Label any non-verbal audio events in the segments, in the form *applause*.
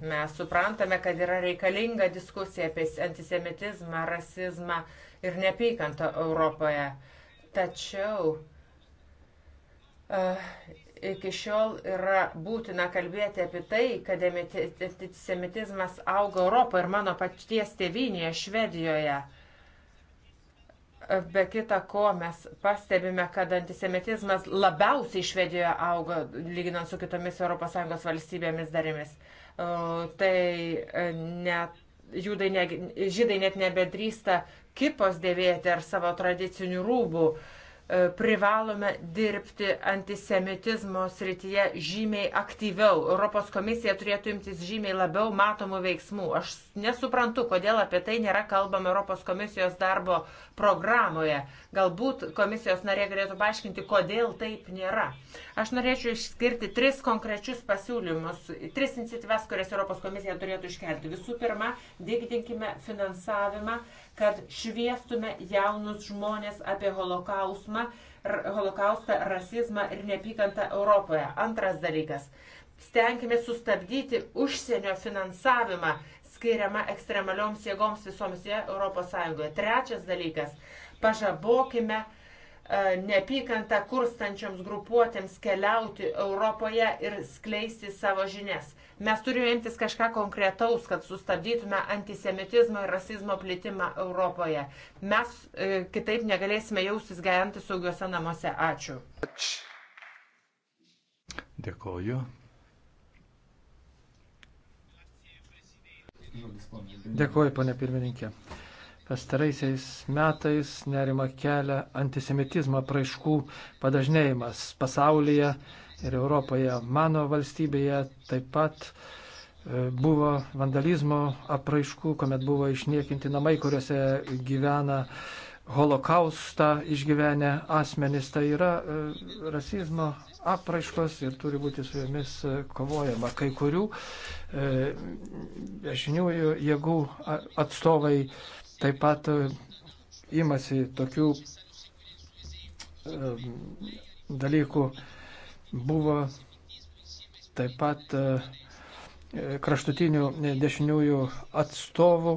Mes suprantame, kad yra reikalinga diskusija apie antisemitizmą, rasizmą ir neapykantą Europoje. Tačiau uh, iki šiol yra būtina kalbėti apie tai, kad antisemitizmas auga Europoje ir mano paties tėvynėje, Švedijoje. Be kita ko, mes pastebime, kad antisemitizmas labiausiai Švedijoje auga, lyginant su kitomis ES valstybėmis darimis. Uh, tai e, net, judai ne, žydai net nebedrįsta kipos dėvėti ar savo tradicinių rūbų. E, privalome dirbti antisemitizmo srityje žymiai aktyviau. Europos komisija turėtų imtis žymiai labiau matomų veiksmų. Aš nesuprantu, kodėl apie tai nėra kalbama Europos komisijos darbo programoje. Uh, Galbūt komisijos narė galėtų paaiškinti, kodėl taip nėra. Aš norėčiau išskirti tris konkrečius pasiūlymus, tris iniciatyvas, kurias Europos komisija turėtų iškelti. Visų pirma, didinkime finansavimą, kad šviestume jaunus žmonės apie holokaustą, holokaustą rasizmą ir nepykantą Europoje. Antras dalykas. Stenkime sustabdyti užsienio finansavimą skiriama ekstremalioms jėgoms visoms Europos Sąjungoje. Trečias dalykas pažabokime e, neapykantą kurstančioms grupuotėms keliauti Europoje ir skleisti savo žinias. Mes turime imtis kažką konkretaus, kad sustabdytume antisemitizmo ir rasizmo plitimą Europoje. Mes e, kitaip negalėsime jaustis gyventi saugiuose namuose. Ačiū. Dėkoju. Dėkoju, ponė pirmininkė. Pastaraisiais metais nerima kelia antisemitizmo praaiškų padažnėjimas pasaulyje ir Europoje. Mano valstybėje taip pat e, buvo vandalizmo apraiškų, kuomet buvo išniekinti namai, kuriuose gyvena holokaustą išgyvenę asmenys. Tai yra e, rasizmo apraiškos ir turi būti su jomis e, kovojama. Kai kurių dešiniųjų jėgų atstovai taip pat e, imasi tokių dalykų. Buvo taip pat e, kraštutinių dešiniųjų atstovų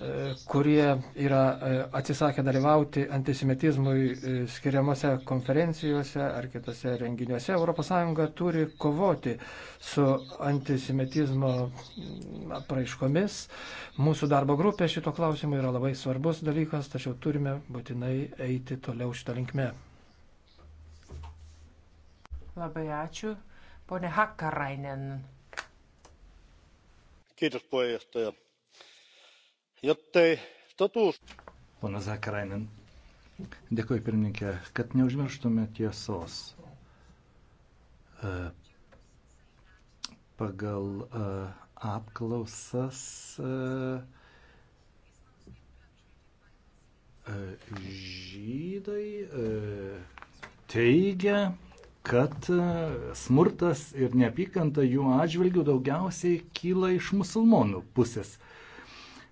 E, kurie yra e, atsisakę dalyvauti antisemitizmui e, skiriamose konferencijose ar kitose renginiuose. ES turi kovoti su antisemitizmo praiškomis. Mūsų darbo grupė šito klausimu yra labai svarbus dalykas, tačiau turime būtinai eiti toliau šitą linkmę. Labai ačiū. Pone Hakkarainen. Kiitos puheenjohtaja jottei totuus. Pana Zakarainen, dėkui pirmininkė, kad neužmirštume tiesos. E, pagal e, apklausas e, žydai teigia, kad smurtas ir neapykanta jų atžvilgių daugiausiai kyla iš musulmonų pusės.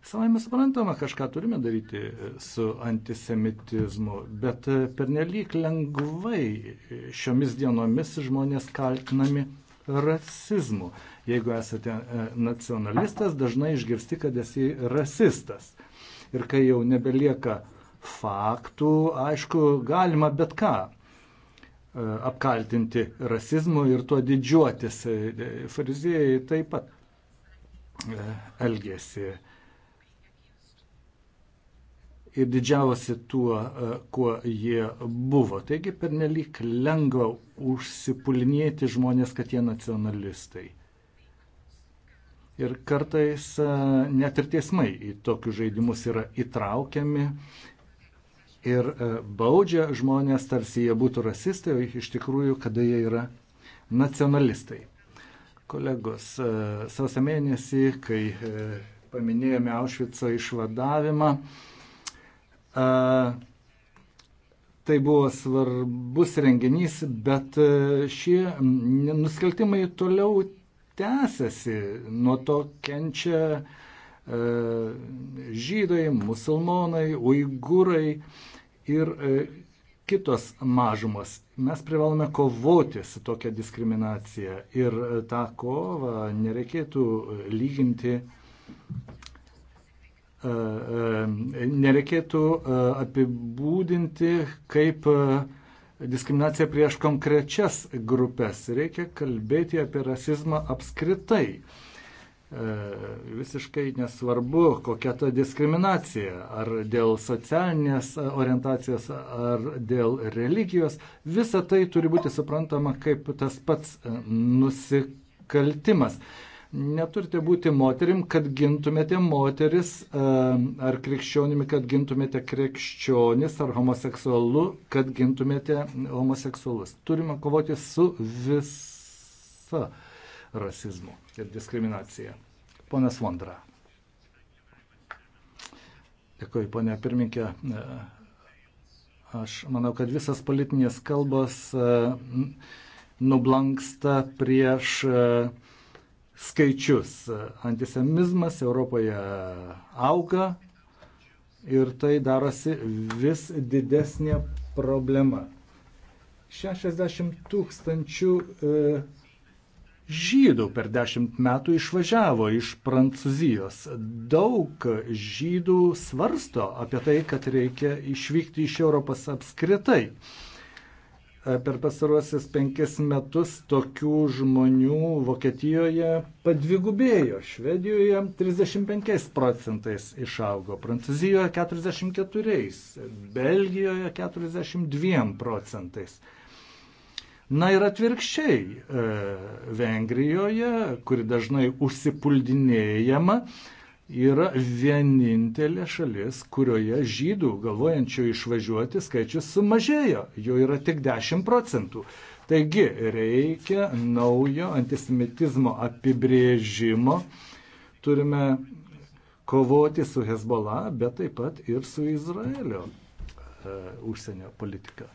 Savai mes suprantama, kažką turime daryti e, su antisemitizmu, bet e, pernelyg lengvai e, šiomis dienomis žmonės kaltinami rasizmu. Jeigu esate nacionalistas, dažnai išgirsti, kad esi rasistas. Ir kai jau nebelieka faktų, aišku, galima bet ką apkaltinti rasizmu ir tuo didžiuotis. Fariziejai taip pat elgėsi ir didžiavosi tuo, e, kuo jie buvo. Taigi pernelyg lengva užsipulinėti žmonės, kad jie nacionalistai. Ir kartais e, net ir teismai į tokius žaidimus yra įtraukiami ir e, baudžia žmonės, tarsi jie būtų rasistai, o iš tikrųjų, kada jie yra nacionalistai. Kolegos, sausio mėnesį, kai paminėjome Aušvico išvadavimą, A, tai buvo svarbus renginys, bet e, šie nusikaltimai toliau tęsiasi. Nuo to kenčia a, e, žydai, musulmonai, uigūrai ir a, e, kitos mažumos. Mes privalome kovoti su tokia diskriminacija ir tą kovą nereikėtų lyginti nereikėtų e, apibūdinti kaip e, diskriminacija prieš konkrečias grupės. Reikia kalbėti apie rasizmą apskritai. E, visiškai nesvarbu, kokia ta diskriminacija, ar dėl socialinės orientacijos, ar dėl religijos, visa tai turi būti suprantama kaip tas pats nusikaltimas. Neturite būti moterim, kad gintumėte moteris, ehm, ar krikščionimi, kad gintumėte krikščionis, ar homoseksualu, kad gintumėte homoseksualus. Turime kovoti su visa rasizmu ir diskriminacija. Ponas Vondra. Dėkui, ponė pirminkė. Ehm, aš manau, kad visas politinės kalbos ehm, nublanksta prieš uh, skaičius. Antisemizmas Europoje auga ir tai darosi vis didesnė problema. 60 tūkstančių e, žydų per dešimt metų išvažiavo iš Prancūzijos. Daug žydų svarsto apie tai, kad reikia išvykti iš Europos apskritai. E, E, per pastaruosius penkis metus tokių žmonių Vokietijoje padvigubėjo, Švedijoje 35 procentais išaugo, Prancūzijoje 44, Belgijoje 42 procentais. Na ir atvirkščiai, e, Vengrijoje, kuri dažnai užsipuldinėjama, yra vienintelė šalis, kurioje žydų galvojančių išvažiuoti skaičius sumažėjo, jo yra tik 10 procentų. Taigi reikia naujo antisemitizmo apibrėžimo, turime kovoti su Hezbollah, bet taip pat ir su Izraelio uh, užsienio politika.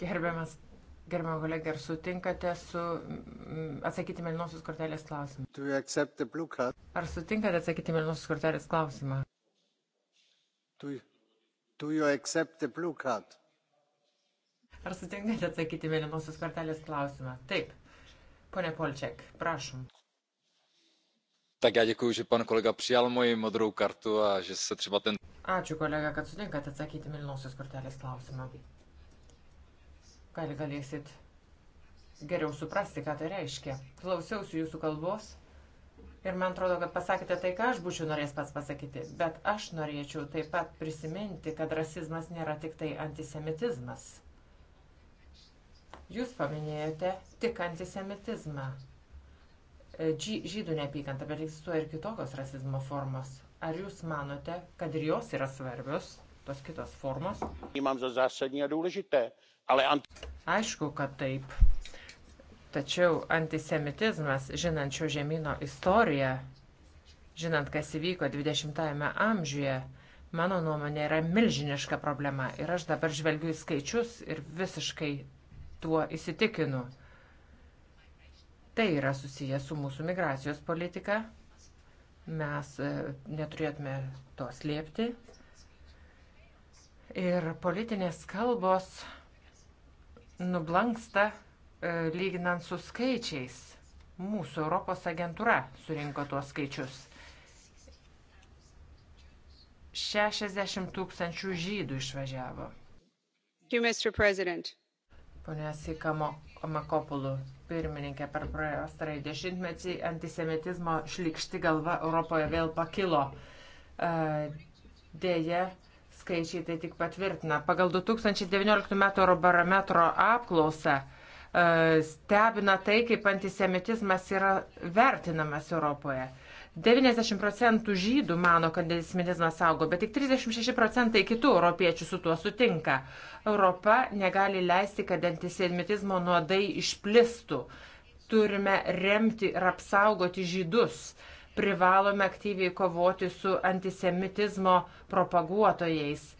Gerbiamas Gerbiamą kolegę, ar sutinkate su atsakyti Melinosios kortelės klausimą? Ar sutinkate atsakyti Melinosios kortelės klausimą? Do you, do you accept the blue card? Ar sutinkate atsakyti Melinosios kortelės klausimą? Taip. Pone Polčiak, prašom. Tak já děkuji, že pan kolega přijal moji modrou kartu a že se třeba ten... Ačiū kolega, kad sutinkate atsakyti Melinosios kortelės klausimą. Gal galėsit geriau suprasti, ką tai reiškia. Klausiausi jūsų kalbos ir man atrodo, kad pasakėte tai, ką aš būčiau norėjęs pats pasakyti. Bet aš norėčiau taip pat prisiminti, kad rasizmas nėra tik tai antisemitizmas. Jūs paminėjote tik antisemitizmą. Dži, e, žydų neapykanta, bet egzistuoja ir kitokios rasizmo formos. Ar jūs manote, kad ir jos yra svarbios, tos kitos formos? Įmam za zásadní a důležité. Aišku, kad taip. Tačiau antisemitizmas, žinant šio žemynų istoriją, žinant, kas įvyko 20-ame amžiuje, mano nuomonė yra milžiniška problema. Ir aš dabar žvelgiu į skaičius ir visiškai tuo įsitikinu. Tai yra susijęs su mūsų migracijos politika. Mes e, neturėtume to slėpti. Ir politinės kalbos nublanksta e, lyginant su skaičiais. Mūsų Europos agentūra surinko tuos skaičius. 60 tūkstančių žydų išvažiavo. Pone Sikamo Omakopulų, pirmininkė per praėjusį dešimtmetį antisemitizmo šlikšti galva Europoje vėl pakilo. E, Deja, skaičiai tai tik patvirtina. Pagal 2019 m. Eurobarometro apklausą e, stebina tai, kaip antisemitizmas yra vertinamas Europoje. 90 procentų žydų mano, kad antisemitizmas augo, bet tik 36 procentai kitų europiečių su tuo sutinka. Europa negali leisti, kad antisemitizmo nuodai išplistų. Turime remti ir apsaugoti žydus. Uh, privalome aktyviai kovoti su antisemitizmo propaguotojais.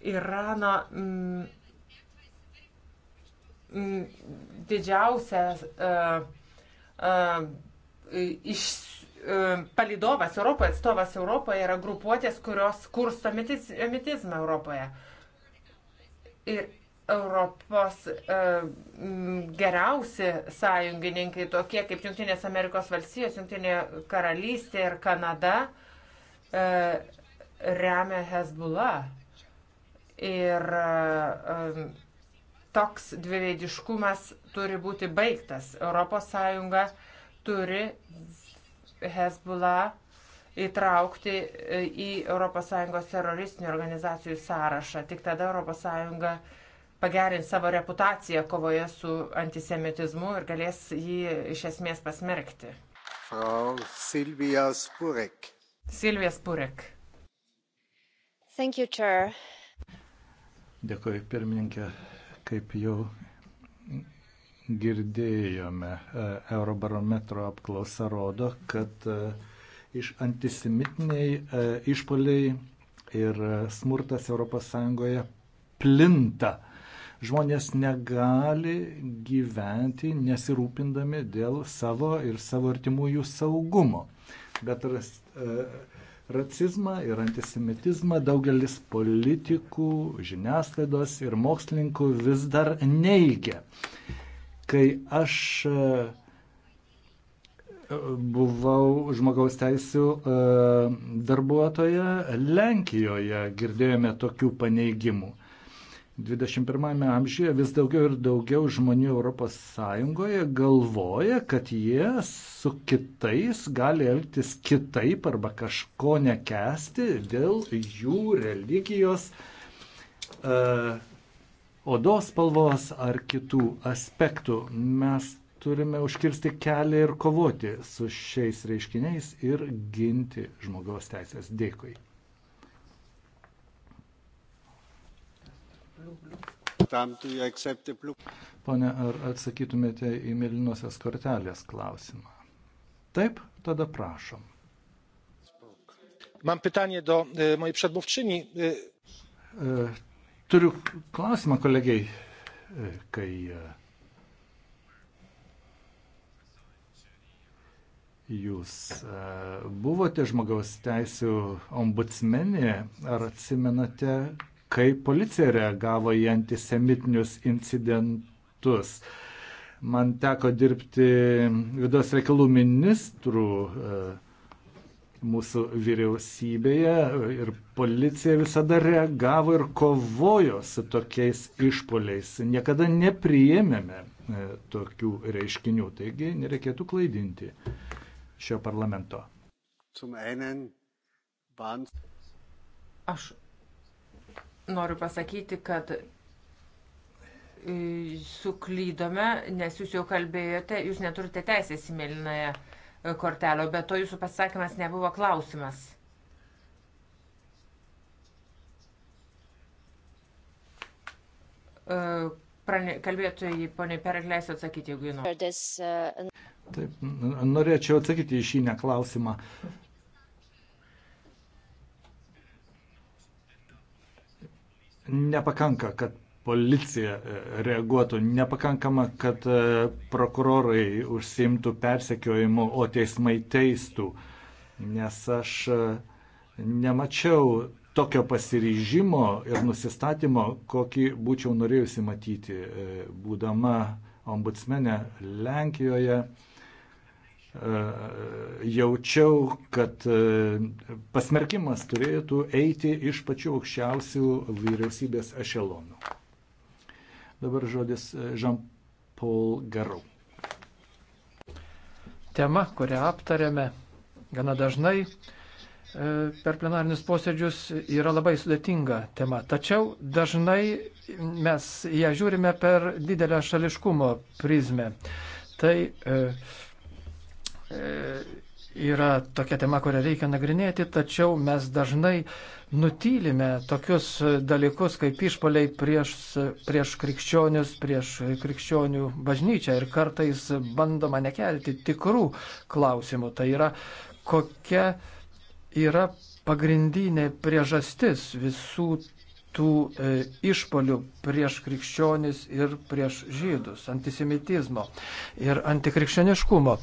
Irano mm, mm, didžiausia uh, uh, iš e, palidovas Europoje, atstovas Europoje yra grupuotės, kurios kursto mitizmą Europoje. Ir Europos e, geriausi sąjungininkai, tokie kaip Junktinės Amerikos valstijos, Junktinė karalystė ir Kanada, e, remia Hezbollah. Ir e, toks dviveidiškumas turi būti baigtas. Europos Sąjunga turi Hezbollah įtraukti e, į ES teroristinių organizacijų sąrašą. Tik tada ES pagerins savo reputaciją kovoje su antisemitizmu ir galės jį iš esmės pasmerkti. Frau Silvija Spurek. Silvija Spurek. Thank you, Chair. Dėkuoju, pirmininkė. Kaip jau girdėjome, e, Eurobarometro apklausa rodo, kad e, iš antisemitiniai e, išpoliai ir smurtas ES plinta. Žmonės negali gyventi nesirūpindami dėl savo ir savo artimųjų saugumo. Bet ras, e, racizmą ir antisemitizmą daugelis politikų, žiniasklaidos ir mokslininkų vis dar neigia. Kai aš e, buvau žmogaus teisų e, darbuotoja Lenkijoje, girdėjome tokių paneigimų. 21 amžiuje vis daugiau ir daugiau žmonių ES galvoja, kad jie su kitais gali elgtis kitaip arba kažko nekesti dėl jų religijos, uh, odos spalvos ar kitų aspektų. Mes turime užkirsti kelią ir kovoti su šiais reiškiniais ir ginti žmogaus teisės. Dėkui. Pone, ar atsakytumėte į mėlynosios kortelės klausimą? Taip, tada prašom. Mam pytanie do e, mojej przedmówczyni. E, turiu klausimą kolegiai, e, kai Jūs buvote žmogaus teisų ombudsmenė, ar atsimenate, kai policija reagavo į antisemitinius incidentus. Man teko dirbti vidaus reikalų ministrų e, mūsų vyriausybėje ir policija visada reagavo ir kovojo su tokiais išpoliais. Niekada nepriėmėme e, tokių reiškinių, taigi nereikėtų klaidinti šio parlamento. Aš noriu pasakyti, kad e, suklydome, nes jūs jau kalbėjote, jūs neturite teisės į mėlynąją e, kortelę, bet to jūsų pasakymas nebuvo klausimas. E, prane, kalbėtojai, poniai, perleisiu atsakyti, jeigu jinu. Uh, Taip, norėčiau atsakyti į šį neklausimą. nepakanka, kad policija e, reaguotų, nepakankama, kad e, prokurorai užsimtų persekiojimu, o teismai teistų. Nes aš e, nemačiau tokio pasiryžimo ir nusistatymo, kokį būčiau norėjusi matyti, būdama ombudsmenė Lenkijoje. E, jaučiau, kad e, pasmerkimas turėtų eiti iš pačių aukščiausių vyriausybės ešelonų. Dabar žodis e, Jean-Paul Garau. Tema, kurią aptarėme gana dažnai per plenarinius posėdžius, yra labai sudėtinga tema. Tačiau dažnai mes ją žiūrime per didelę šališkumo prizmę. Tai e, E, yra tokia tema, kurią reikia nagrinėti, tačiau mes dažnai nutylime tokius dalykus kaip išpoliai prieš, prieš krikščionius, prieš krikščionių bažnyčią ir kartais bandoma nekelti tikrų klausimų. Tai yra, kokia yra pagrindinė priežastis visų tų e, išpolių prieš krikščionis ir prieš žydus, antisemitizmo ir antikrikščioniškumo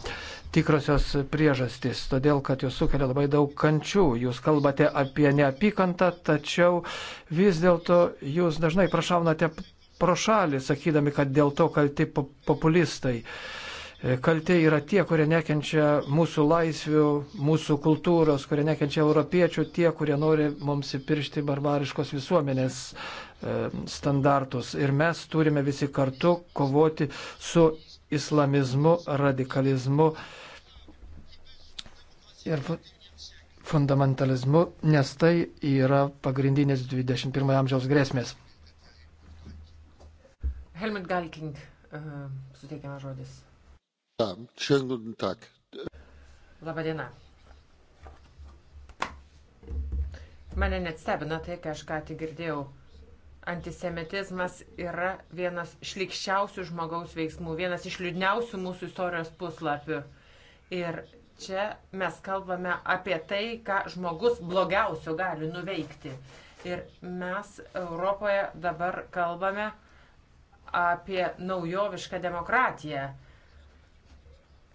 tikrosios priežastys, todėl kad jūs sukelia labai daug kančių. Jūs kalbate apie neapykantą, tačiau vis dėlto jūs dažnai prašaunate pro šalį, sakydami, kad dėl to kalti populistai. Kalti yra tie, kurie nekenčia mūsų laisvių, mūsų kultūros, kurie nekenčia europiečių, tie, kurie nori mums įpiršti barbariškos visuomenės e, standartus. Ir mes turime visi kartu kovoti su islamizmu, radikalizmu ir fundamentalizmu, nes tai yra pagrindinės 21 amžiaus grėsmės. Helmut Galking, uh, suteikiamas žodis. Šiandien guten tak. Labadiena. Mane net stebina tai, ką aš ką tik girdėjau antisemitizmas yra vienas šlikščiausių žmogaus veiksmų, vienas iš liūdniausių mūsų istorijos puslapių. Ir čia mes kalbame apie tai, ką žmogus blogiausio gali nuveikti. Ir mes Europoje dabar kalbame apie naujovišką demokratiją.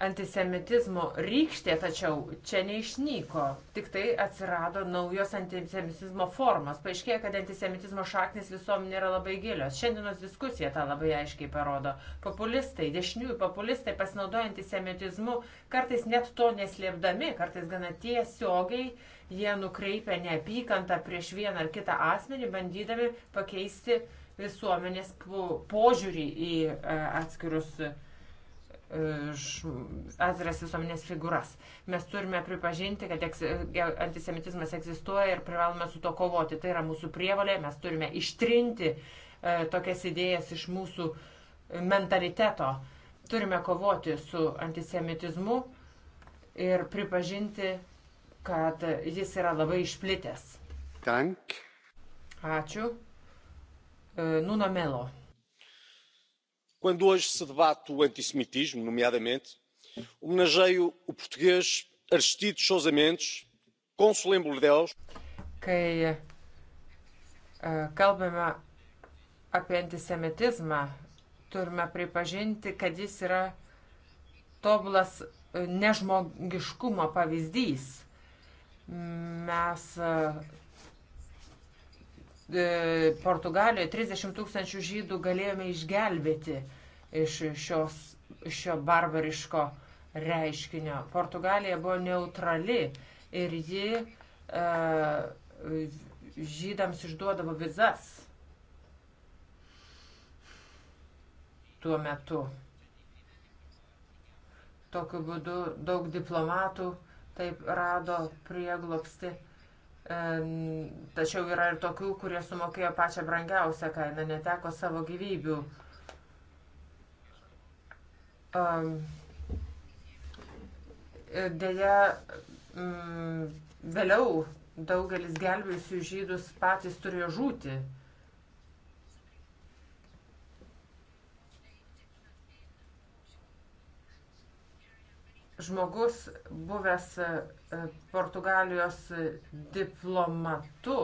Antisemitizmo rykštė tačiau čia neišnyko, tik tai atsirado naujos antisemitizmo formos. Paaiškėja, kad antisemitizmo šaknis visuomenė yra labai gilios. Šiandienos diskusija tą labai aiškiai parodo. Populistai, dešiniųjų populistai pasinaudoja antisemitizmu, kartais net to neslėpdami, kartais gana tiesiogiai jie nukreipia neapykantą prieš vieną ar kitą asmenį, bandydami pakeisti visuomenės požiūrį į e, atskirus asmenys atviras visuomenės figūras. Mes turime pripažinti, kad antisemitizmas egzistuoja ir privalome su to kovoti. Tai yra mūsų prievalė, mes turime ištrinti e, tokias idėjas iš mūsų mentaliteto. Turime kovoti su antisemitizmu ir pripažinti, kad jis yra labai išplitęs. Dank. Ačiū. E, Nuno Melo quando hoje se debate o antissemitismo nomeadamente homenageio o português Aristides Sousa Mendes, cônsul em Bordeus. Kai kalbame eh, apie antisemitizmą, turime pripažinti, kad jis yra tobulas eh, nežmogiškumo pavyzdys. Mes eh, E, Portugalijoje 30 tūkstančių žydų galėjome išgelbėti iš šios, šio barbariško reiškinio. Portugalija buvo neutrali ir ji uh, žydams išduodavo vizas tuo metu. Tokiu būdu daug diplomatų taip rado prieglopsti Tačiau yra ir tokių, kurie sumokėjo pačią brangiausią kainą, neteko savo gyvybių. Deja, vėliau daugelis gelbėjusių žydus patys turėjo žūti. žmogus buvęs e, Portugalijos diplomatu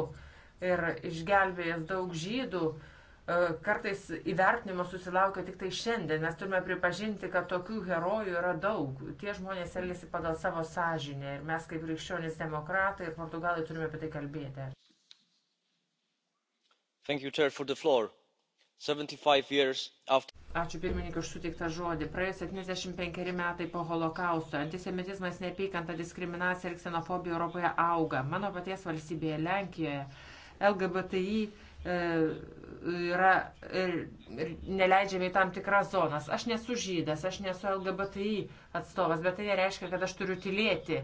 ir išgelbėjęs daug žydų, e, kartais įvertinimo susilaukia tik tai šiandien. Mes turime pripažinti, kad tokių herojų yra daug. Tie žmonės elgesi pagal savo sąžinę ir mes kaip krikščionys demokratai ir portugalai turime apie tai kalbėti. Thank you, Chair, for the floor. Ačiū pirmininkai už suteiktą žodį. Praėjo 75 metai po holokausto. Antisemitizmas, neapykanta, diskriminacija ir ksenofobija Europoje auga. Mano paties valstybėje, Lenkijoje, LGBTI e, yra e, neleidžiami į tam tikras zonas. Aš nesu žydas, aš nesu LGBTI atstovas, bet tai nereiškia, kad aš turiu tylėti.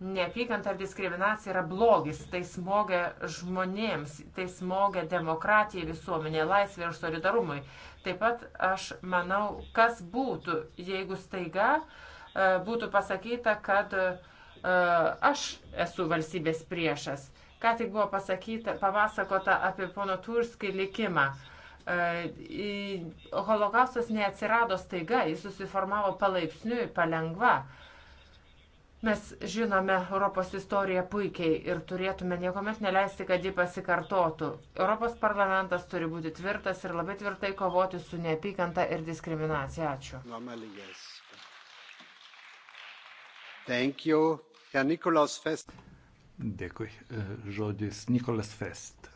Neapykanta ar diskriminacija yra blogis, tai smogia žmonėms, tai smogia demokratijai, visuomenė, laisvė ir solidarumui. Taip pat aš manau, kas būtų, jeigu staiga e, būtų pasakyta, kad e, aš esu valstybės priešas. Ką tik buvo pasakyta, papasakota apie pono Turskį likimą. E, holokaustas neatsirado staiga, jis susiformavo palaipsniui, palengva. Mes žinome Europos istoriją puikiai ir turėtume niekuomet neleisti, kad ji pasikartotų. Europos parlamentas turi būti tvirtas ir labai tvirtai kovoti su neapykanta ir diskriminacija. Ačiū. Normally, yes. Thank you. Herr Nikolaus Fest. Dėkui. E, žodis Nikolas Fest.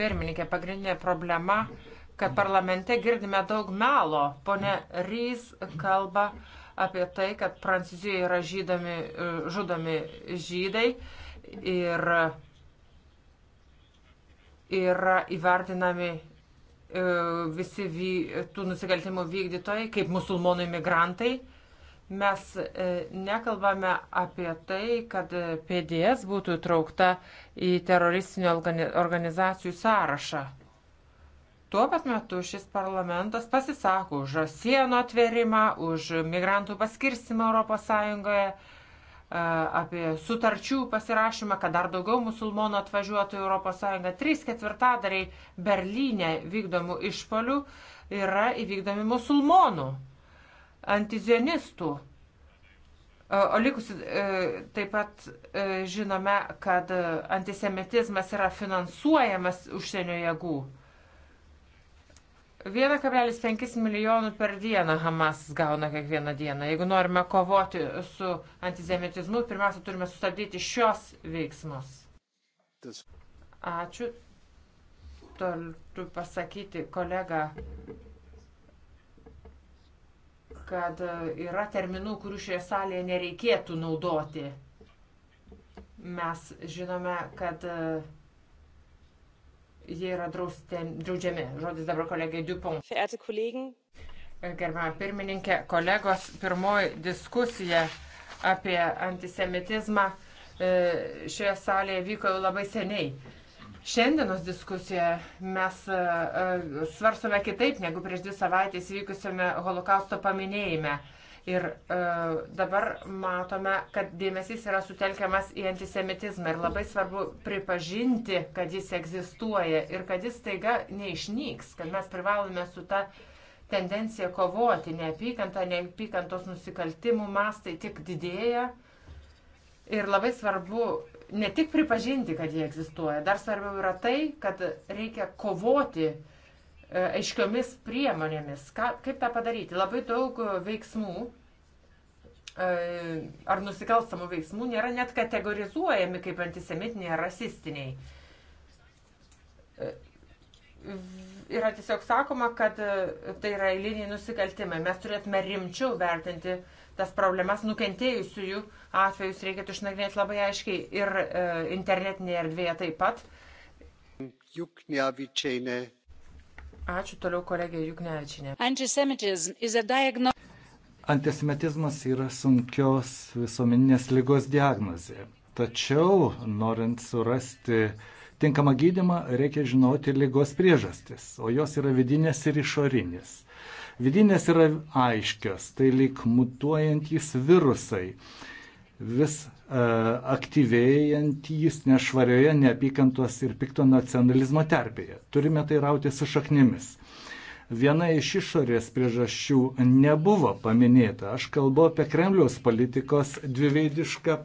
Pirmininkė, pagrindinė problema, kad parlamente girdime daug melo. Pone Rys kalba. Mm apie tai, kad Prancūzijoje yra žydami, e, žudomi žydai ir yra įvertinami e, visi vy, tų nusikaltimų vykdytojai kaip musulmonų imigrantai. Mes e, nekalbame apie tai, kad PDS būtų traukta į teroristinių organizacijų sąrašą. Tuo pat metu šis parlamentas pasisako už sienų atverimą, už migrantų paskirstimą ES, apie sutarčių pasirašymą, kad dar daugiau musulmonų atvažiuotų į ES. Trys ketvirtadariai Berlyne vykdomų išpolių yra įvykdomi musulmonų, antizionistų. O likusi e, taip pat e, žinome, kad antisemitizmas yra finansuojamas užsienio jėgų. 1,5 milijonų per dieną Hamas gauna kiekvieną dieną. Jeigu norime kovoti su antizemitizmu, pirmiausia, turime sustabdyti šios veiksmus. Ačiū. Turiu pasakyti kolega, kad e, yra terminų, kurių šioje salėje nereikėtų naudoti. Mes žinome, kad uh, jie yra drausti, draudžiami. Žodis dabar kolegai Dupont. E, Gerbama pirmininkė, kolegos, pirmoji diskusija apie antisemitizmą e, šioje salėje vyko jau labai seniai. Šiandienos diskusiją mes e, svarstome kitaip negu prieš dvi savaitės vykusiame holokausto paminėjime. Ir e, dabar matome, kad dėmesys yra sutelkiamas į antisemitizmą ir labai svarbu pripažinti, kad jis egzistuoja ir kad jis taiga neišnyks, kad mes privalome su ta tendencija kovoti. Neapykanta, neapykantos nusikaltimų mastai tik didėja. Ir labai svarbu ne tik pripažinti, kad jie egzistuoja, dar svarbiau yra tai, kad reikia kovoti E, aiškiomis priemonėmis. Ka, kaip tą padaryti? Labai daug veiksmų e, ar nusikalstamų veiksmų nėra net kategorizuojami kaip antisemitiniai ar rasistiniai. E, yra tiesiog sakoma, kad tai yra eiliniai nusikaltimai. Mes turėtume rimčiau vertinti tas problemas nukentėjusiųjų atvejus, reikėtų išnagrinėti labai aiškiai ir internetinėje erdvėje taip pat. Juknia Vičiainė Ačiū toliau kolegė Juknevičinė. Antisemitizmas yra sunkios visuomeninės lygos diagnozė. Tačiau, norint surasti tinkamą gydimą, reikia žinoti lygos priežastis, o jos yra vidinės ir išorinės. Vidinės yra aiškios, tai lyg mutuojantys virusai. Vis E, aktyvėjantys nešvarioje neapykantos ir pikto nacionalizmo terpėje. Turime tai rauti su šaknimis. Viena iš išorės priežasčių nebuvo paminėta. Aš kalbu apie Kremliaus politikos dviveidišką e,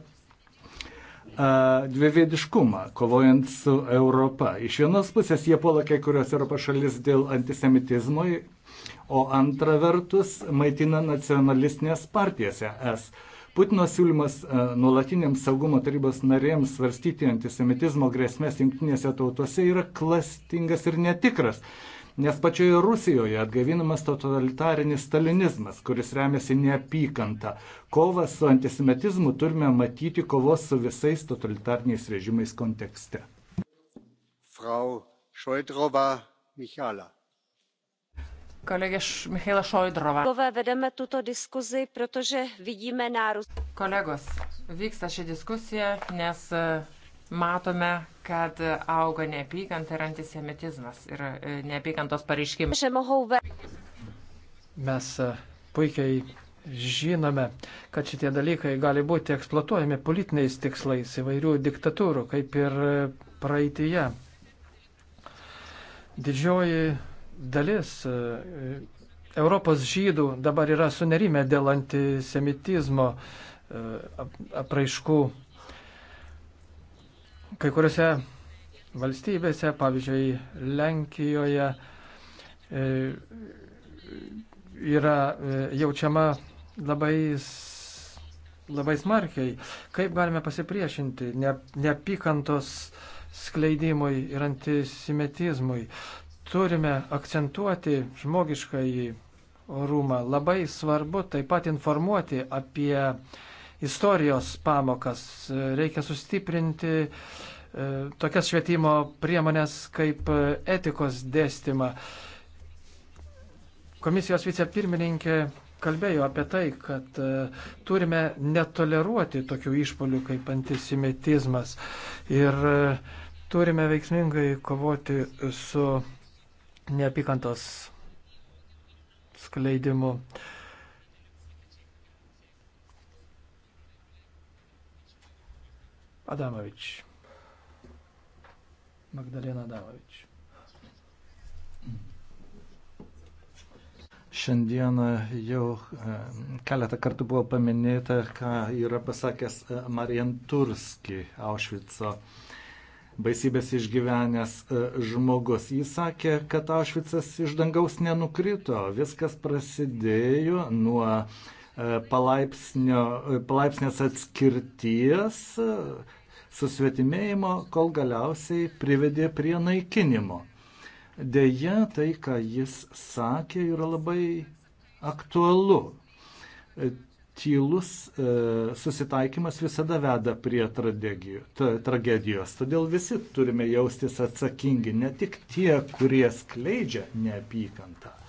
dviveidiškumą, kovojant su Europa. Iš vienos pusės jie puola kai kurios Europos šalis dėl antisemitizmo, o antra vertus maitina nacionalistinės partijose es. Putino siūlymas e, nuolatiniams saugumo tarybos narėms svarstyti antisemitizmo grėsmės jungtinėse tautose yra klastingas ir netikras, nes pačioje Rusijoje atgavinamas totalitarinis stalinizmas, kuris remiasi neapykanta. Kovą su antisemitizmu turime matyti kovos su visais totalitariniais režimais kontekste. Frau Šoidrova Michala. Kolegė Michaela Šoidrova. Kolegos, vyksta ši diskusija, nes e, matome, kad auga neapykanta ir antisemitizmas ir e, neapykantos pareiškimai. Mes e, puikiai žinome, kad šitie dalykai gali būti eksploatuojami politiniais tikslais įvairių diktatūrų, kaip ir praeitįje. Didžioji dalis e, Europos žydų dabar yra sunerime dėl antisemitizmo e, apraiškų. Kai kuriuose valstybėse, pavyzdžiui, Lenkijoje e, yra jaučiama labai, labai smarkiai. Kaip galime pasipriešinti neapykantos skleidimui ir antisemitizmui? turime akcentuoti žmogiškąjį orumą. Labai svarbu taip pat informuoti apie istorijos pamokas. Reikia sustiprinti e, tokias švietimo priemonės kaip e, etikos dėstymą. Komisijos vicepirmininkė kalbėjo apie tai, kad e, turime netoleruoti tokių išpolių kaip antisemitizmas ir e, turime veiksmingai kovoti su neapykantos skleidimu. Adamovič. Magdalena Adamovič. Šiandieną jau e, keletą kartų buvo paminėta, ką yra pasakęs e, Marijan Turski, Aušvico baisybės išgyvenęs e, žmogus. Jis sakė, kad Aušvicas iš dangaus nenukrito, viskas prasidėjo nuo e, e, palaipsnės atskirties, susvetimėjimo, kol galiausiai privedė prie naikinimo. Deja, tai, ką jis sakė, yra labai aktualu tylus e, susitaikymas visada veda prie tragedijos. Todėl visi turime jaustis atsakingi, ne tik tie, kurie skleidžia neapykantą. E,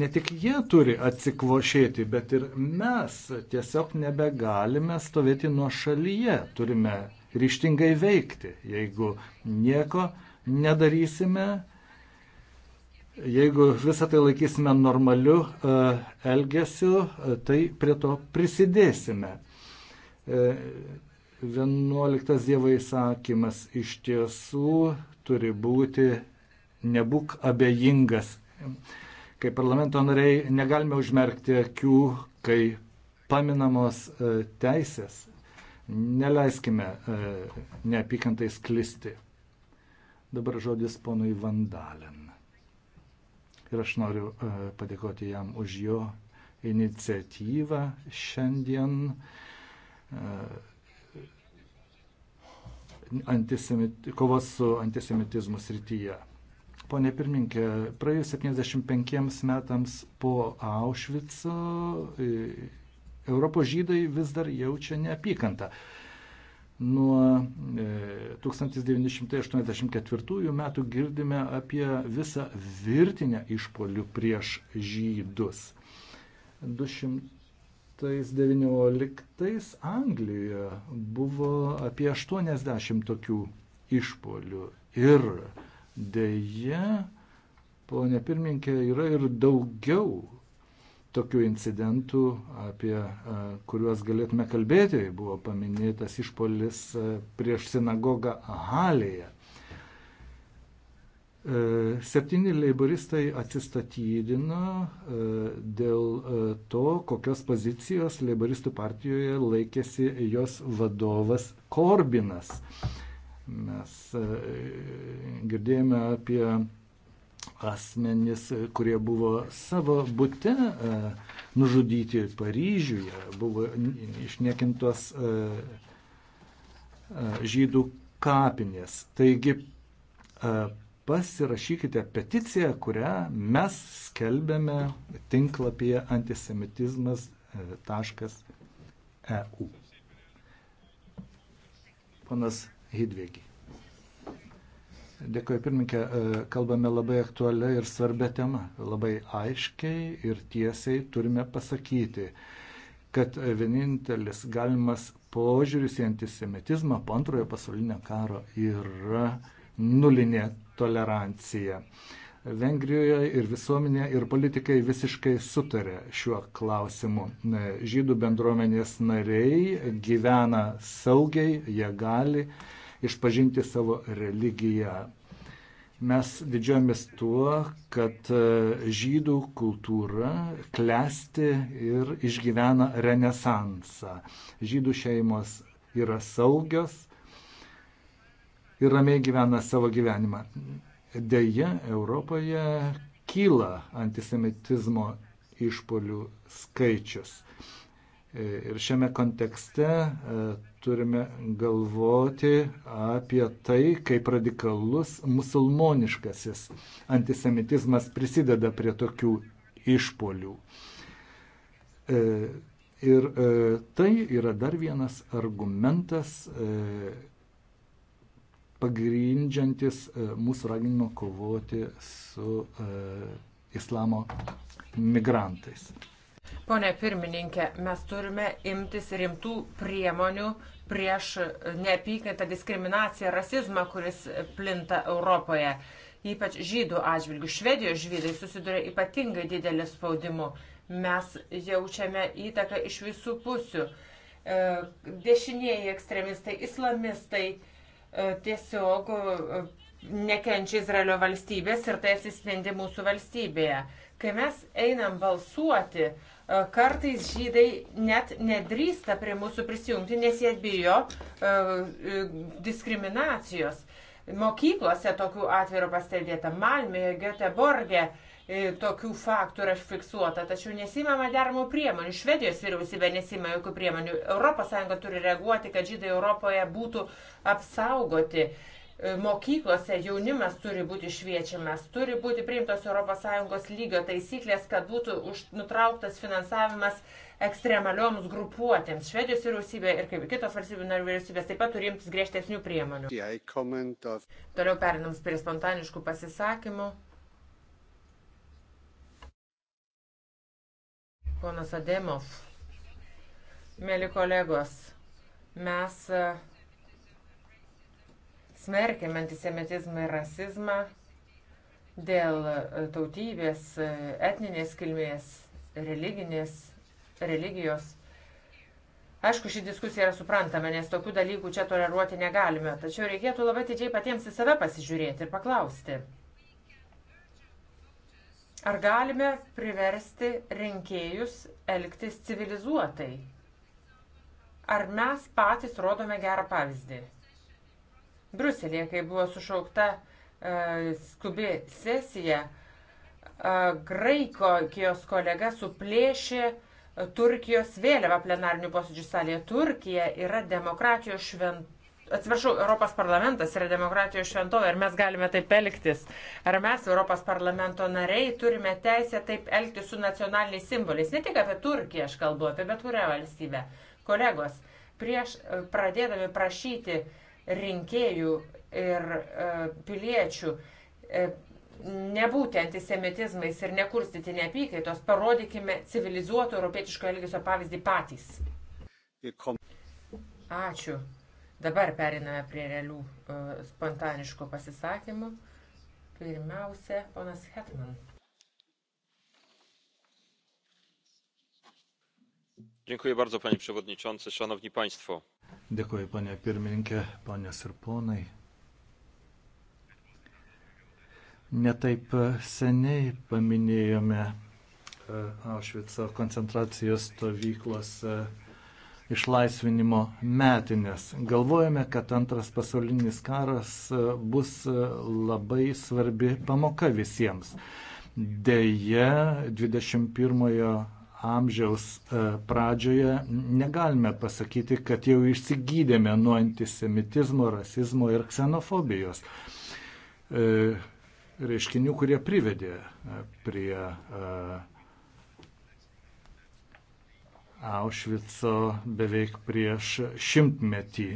ne tik jie turi atsikvošėti, bet ir mes tiesiog nebegalime stovėti nuo šalyje. Turime ryštingai veikti. Jeigu nieko nedarysime, Jeigu visą tai laikysime normaliu e, elgesiu, e, tai prie to prisidėsime. 11 e, Dievo įsakymas iš tiesų turi būti nebūk abejingas. Kaip parlamento nariai negalime užmerkti akių, kai paminamos teisės. Neleiskime neapykantai sklisti. Dabar žodis ponui Vandalin ir aš noriu e, padėkoti jam už jo iniciatyvą šiandien e, antisemit, kovos su antisemitizmu srityje. Pone pirminkė, praėjus 75 metams po Aušvico e, Europos žydai vis dar jaučia neapykantą. Nuo 1984 e, metų girdime apie visą virtinę išpolių prieš žydus. 219 Anglijoje buvo apie 80 tokių išpolių. Ir dėje, ponė pirminkė, yra ir daugiau tokių incidentų, apie kuriuos galėtume kalbėti, buvo paminėtas išpolis prieš sinagogą Halėje. E, septyni leiboristai atsistatydino e, dėl e, to, kokios pozicijos leiboristų partijoje laikėsi jos vadovas Korbinas. Mes girdėjome apie asmenys, kurie buvo savo būte e, nužudyti Paryžiuje, buvo išniekintos e, e, žydų kapinės. Taigi pasirašykite peticiją, kurią mes skelbėme tinklapyje antisemitizmas.eu. Ponas Hidvėgi. Dėkuoju, pirmininkė, e, kalbame labai aktualią ir svarbę temą. Labai aiškiai ir tiesiai turime pasakyti, kad vienintelis galimas požiūris į antisemitizmą po antrojo pasaulinio karo yra nulinė tolerancija. Vengrijoje ir visuomenė, ir politikai visiškai sutarė šiuo klausimu. E, žydų bendruomenės nariai gyvena saugiai, jie gali išpažinti savo religiją. Mes didžiuojamės tuo, kad e, žydų kultūra klesti ir išgyvena renesansą. Žydų šeimos yra saugios ir ramiai gyvena savo gyvenimą. Deja, Europoje kyla antisemitizmo išpolių skaičius. E, ir šiame kontekste e, turime galvoti apie tai, kaip radikalus musulmoniškasis antisemitizmas prisideda prie tokių išpolių. E, ir e, tai yra dar vienas argumentas e, pagrindžiantis e, mūsų raginimą kovoti su e, islamo migrantais. Pone pirmininkė, mes turime imtis rimtų priemonių prieš neapykantą diskriminaciją, rasizmą, kuris plinta Europoje. Ypač žydų atžvilgių. Švedijos žydai susiduria ypatingai didelį spaudimu. Mes jaučiame įtaką iš visų pusių. E, dešinieji ekstremistai, islamistai e, tiesiog e, nekenčia Izraelio valstybės ir tai atsispindi mūsų valstybėje. Kai mes einam balsuoti, uh, E, kartais žydai net nedrįsta prie mūsų prisijungti, nes jie bijo e, e, diskriminacijos. Mokyklose tokių atviro pastebėta Malmėje, Göteborge tokių faktų yra fiksuota, tačiau nesimama deramų priemonių. Švedijos vyriausybė nesima jokių priemonių. ES turi reaguoti, kad žydai Europoje būtų apsaugoti. Uh, E, mokyklose jaunimas turi būti šviečiamas, turi būti priimtos ES lygio taisyklės, kad būtų už, nutrauktas finansavimas ekstremalioms grupuotėms. Švedijos vyriausybė ir kaip kitos valstybių narių vyriausybės taip pat turi imtis griežtesnių priemonių. Of... Toliau perinams prie spontaniškų pasisakymų. Ponas Ademov, mėly kolegos, mes. Uh, smerkėme antisemitizmą ir rasizmą dėl e, tautybės, e, etninės kilmės, religinės, religijos. Aišku, ši diskusija yra suprantama, nes tokių dalykų čia toleruoti negalime, tačiau reikėtų labai didžiai patiems į save pasižiūrėti ir paklausti. Ar galime priversti rinkėjus elgtis civilizuotai? Ar mes patys rodome gerą pavyzdį? Bruselėje, kai buvo sušaukta e, skubi sesija, e, Graikijos kolega suplėšė Turkijos vėliavą plenarnių posėdžių salėje. Turkija yra demokratijos šventovė. Atsiprašau, Europos parlamentas yra demokratijos šventovė, ar mes galime taip elgtis? Ar mes, Europos parlamento nariai, turime teisę taip elgtis su nacionaliniais simboliais? Ne tik apie Turkiją aš kalbu, apie bet kurią valstybę. Kolegos, prieš pradėdami prašyti uh, rinkėjų ir e, piliečių e, nebūti antisemitizmais ir nekurstyti neapykaitos, parodykime civilizuoto europietiško elgesio pavyzdį patys. Ačiū. Dabar periname prie realių uh, spontaniškų pasisakymų. Pirmiausia, ponas Hetman. Dziękuję bardzo, panie przewodniczący, szanowni państwo. Dėkuoju, ponė pirmininkė, ponės ir ponai. Netaip seniai paminėjome e, Aušvico koncentracijos stovyklos e, išlaisvinimo metinės. Galvojame, kad antras pasaulinis karas e, bus labai svarbi pamoka visiems. Deja, 21 amžiaus e, pradžioje, negalime pasakyti, kad jau išsigydėme nuo antisemitizmo, rasizmo ir ksenofobijos. E, reiškinių, kurie privedė e, prie Aušvico beveik prieš šimtmetį.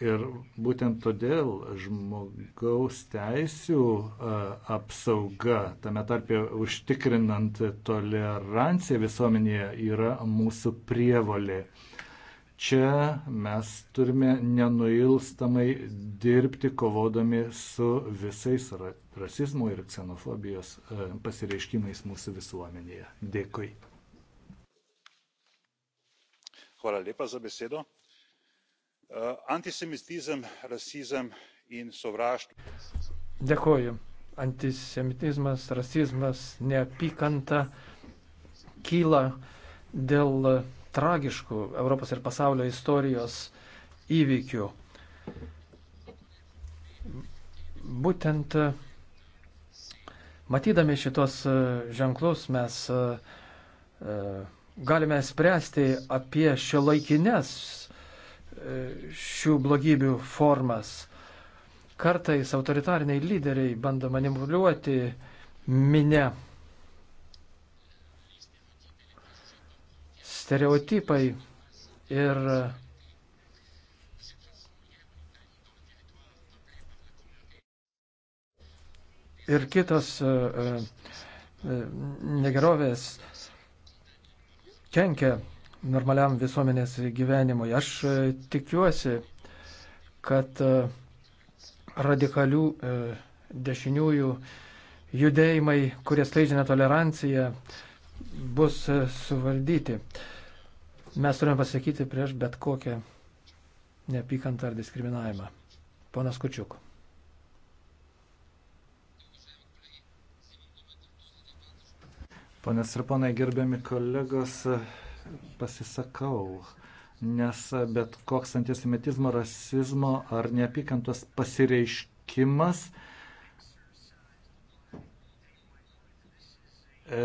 Ir būtent todėl žmogaus teisų apsauga, tame tarpe užtikrinant toleranciją visuomenėje, yra mūsų prievolė. Čia mes turime nenuilstamai dirbti, kovodami su visais rasizmo ir ksenofobijos pasireiškimais mūsų visuomenėje. Dėkui. Hvala lepa za besedo Eh, antisemitizam, rasizam in sovraštvo. Dėkoju. Antisemitizmas, rasizmas, neapykanta kyla dėl tragiškų Europos ir pasaulio istorijos įvykių. Būtent matydami šitos eh, ženklus mes eh, galime spręsti apie šio laikines šių blogybių formas. Kartais autoritariniai lyderiai bando manipuliuoti minę. Stereotipai ir ir kitos e, e, negerovės kenkia normaliam visuomenės gyvenimui. Aš e, tikiuosi, kad e, radikalių e, dešiniųjų judėjimai, kurie skleidžia netoleranciją, bus suvaldyti. Mes turime pasakyti prieš bet kokią neapykantą ar diskriminavimą. Ponas Kučiuk. Ponas ir ponai, gerbiami kolegos, pasisakau, nes bet koks antisemitizmo, rasizmo ar neapykantos pasireiškimas e,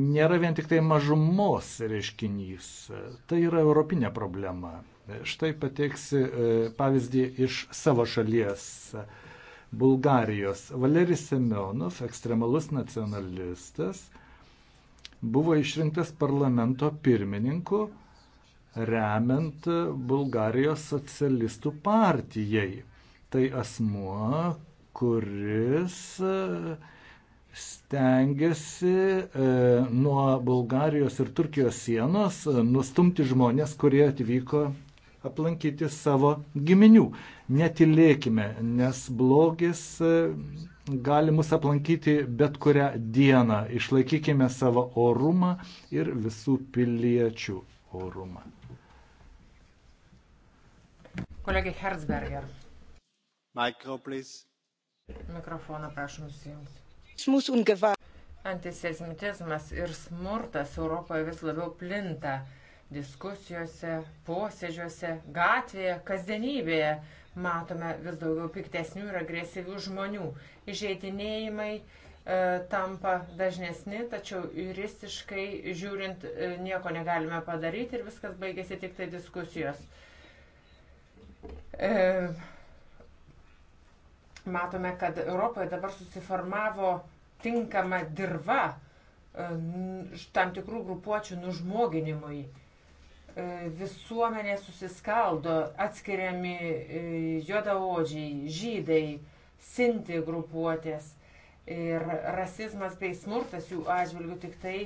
nėra vien tik tai mažumos reiškinys. Tai yra europinė problema. Štai pateiksiu e, pavyzdį iš savo šalies. Bulgarijos. Valeris Semionov, ekstremalus nacionalistas, buvo išrinktas parlamento pirmininku remiant Bulgarijos socialistų partijai. Tai asmuo, kuris e, stengiasi e, nuo Bulgarijos ir Turkijos sienos e, nustumti žmonės, kurie atvyko aplankyti savo giminių. Netilėkime, nes blogis e, gali mus aplankyti bet kurią dieną. Išlaikykime savo orumą ir visų piliečių orumą. Kolegė Herzberger. Mikro, please. Mikrofoną prašom įsijungti. Antisemitizmas ir smurtas Europoje vis labiau plinta diskusijose, posėdžiuose, gatvėje, kasdienybėje matome vis daugiau piktesnių ir agresyvių žmonių. Įžeidinėjimai e, tampa dažnesni, tačiau juristiškai žiūrint e, nieko negalime padaryti ir viskas baigėsi tik tai diskusijos. E, matome, kad Europoje dabar susiformavo tinkama dirba e, tam tikrų grupuočių nužmoginimui. E, visuomenė susiskaldo, atskiriami e, juodaodžiai, žydai, sinti grupuotės ir rasizmas bei smurtas jų atžvilgių tik tai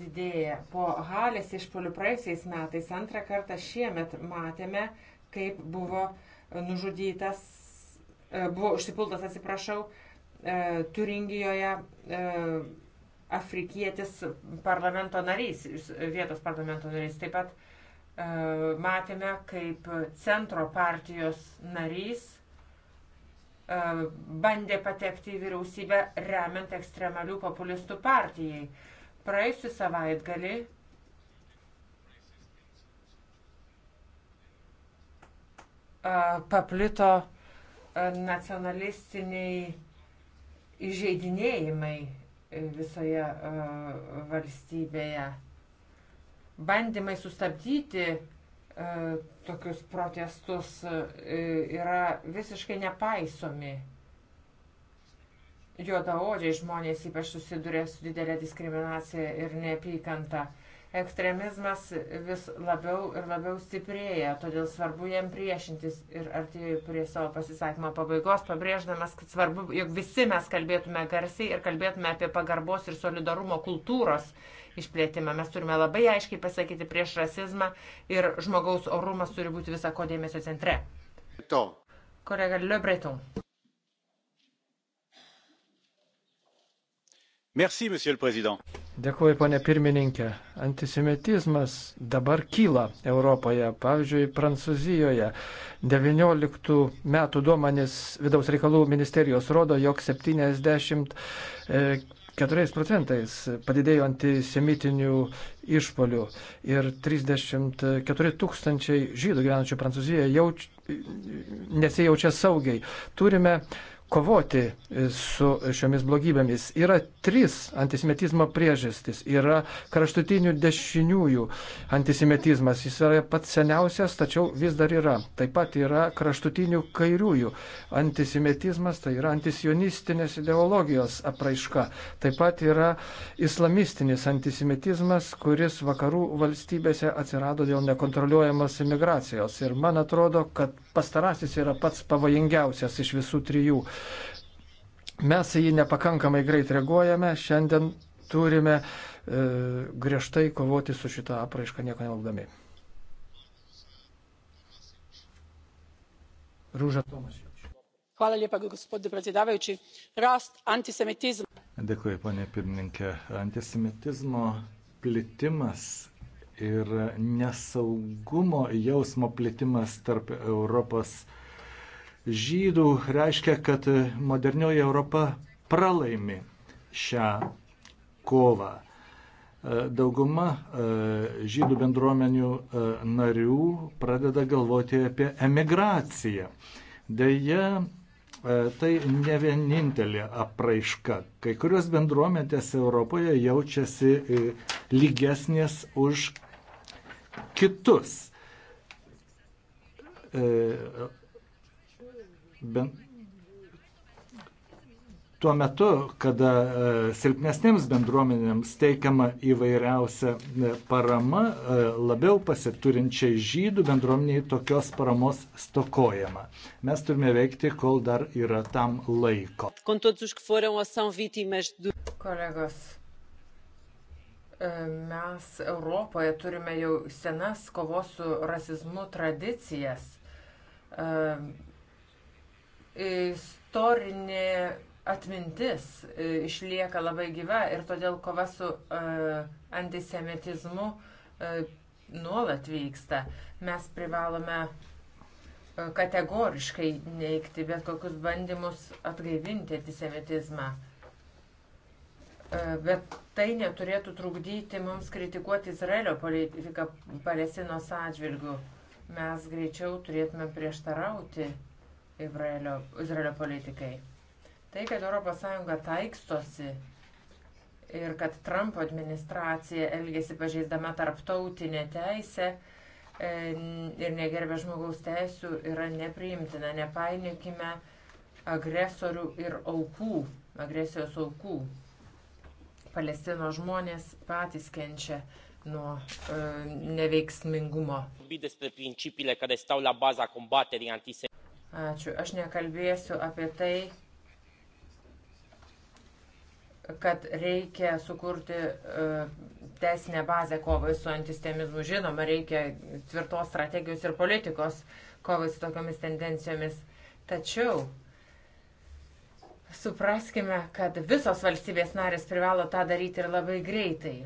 didėja. Po Halės išpolių praeisiais metais antrą kartą šiemet matėme, kaip buvo nužudytas, e, buvo užsipultas, atsiprašau, e, Turingijoje afrikietis parlamento narys, vietos parlamento narys. Taip pat E, matėme, kaip centro partijos narys e, bandė patekti į vyriausybę remiant ekstremalių populistų partijai. Praėjusiu savaitgali e, paplito nacionalistiniai įžeidinėjimai visoje valstybėje bandymai sustabdyti e, tokius protestus e, yra visiškai nepaisomi. Juodaodžiai žmonės ypač susiduria su didelė diskriminacija ir neapykanta. Ekstremizmas vis labiau ir labiau stiprėja, todėl svarbu jam priešintis ir artėjau prie savo pasisakymo pabaigos, pabrėždamas, kad svarbu, jog visi mes kalbėtume garsiai ir kalbėtume apie pagarbos ir solidarumo kultūros uh, išplėtimą. Mes turime labai aiškiai pasakyti prieš rasizmą ir žmogaus orumas turi būti visako dėmesio centre. To. Kolega Le Breton. Merci, monsieur le président. Dėkuoju, ponė pirmininkė. Antisemitizmas dabar kyla Europoje, pavyzdžiui, Prancūzijoje. 19 metų duomenys vidaus reikalų ministerijos rodo, jog 70 4 procentais padidėjo antisemitinių išpolių ir 34 tūkstančiai žydų gyvenančių Prancūzijoje jauč, nesijaučia saugiai. Turime kovoti e, su šiomis blogybėmis. Yra trys antisemitizmo priežastis. Yra kraštutinių dešiniųjų antisemitizmas. Jis yra pats seniausias, tačiau vis dar yra. Taip pat yra kraštutinių kairiųjų antisemitizmas, tai yra antisionistinės ideologijos apraiška. Taip pat yra islamistinis antisemitizmas, kuris vakarų valstybėse atsirado dėl nekontroliuojamos imigracijos. Ir man atrodo, kad pastarasis yra pats pavojingiausias iš visų trijų Mes į jį nepakankamai greit reaguojame, šiandien turime e, griežtai kovoti su šitą apraišką nieko nelaukdami. Rūža Tomašič. Gospodine predsjedavajući, rast antisemitizma. Dėkui, ponė pirmininkė. Antisemitizmo plitimas ir nesaugumo jausmo plitimas tarp Europos žydų reiškia, kad modernioji Europa pralaimi šią kovą. E, dauguma e, žydų bendruomenių e, narių pradeda galvoti apie emigraciją. Deja, tai ne vienintelė apraiška. Kai kurios bendruomenės Europoje jaučiasi lygesnės už kitus ben... tuo metu, kada e, silpnesnėms bendruomenėms teikiama įvairiausia e, parama, e, labiau pasiturinčiai žydų bendruomeniai tokios paramos stokojama. Mes turime veikti, kol dar yra tam laiko. Kolegos, mes Europoje turime jau senas kovos su rasizmu tradicijas Istorinė atmintis e, išlieka labai gyva ir todėl kova su e, antisemitizmu e, nuolat vyksta. Mes privalome kategoriškai neikti bet kokius bandymus atgaivinti antisemitizmą. Bet tai neturėtų trukdyti mums kritikuoti Izraelio politiką Palestinos atžvilgių. Mes greičiau turėtume prieštarauti Izraelio, Izraelio politikai. Tai, kad ES taikstosi ir kad Trumpo administracija elgesi pažeisdama tarptautinę teisę e, ir negerbė žmogaus teisų, yra nepriimtina. Nepainiokime agresorių ir aukų, agresijos aukų. Palestino žmonės patys kenčia nuo e, neveiksmingumo. Ačiū. Aš nekalbėsiu apie tai, kad reikia sukurti e, teisinę bazę kovai su antistemizmu. Žinoma, reikia tvirtos strategijos ir politikos kovai su tokiamis tendencijomis. Tačiau supraskime, kad visos valstybės narės privalo tą daryti ir labai greitai.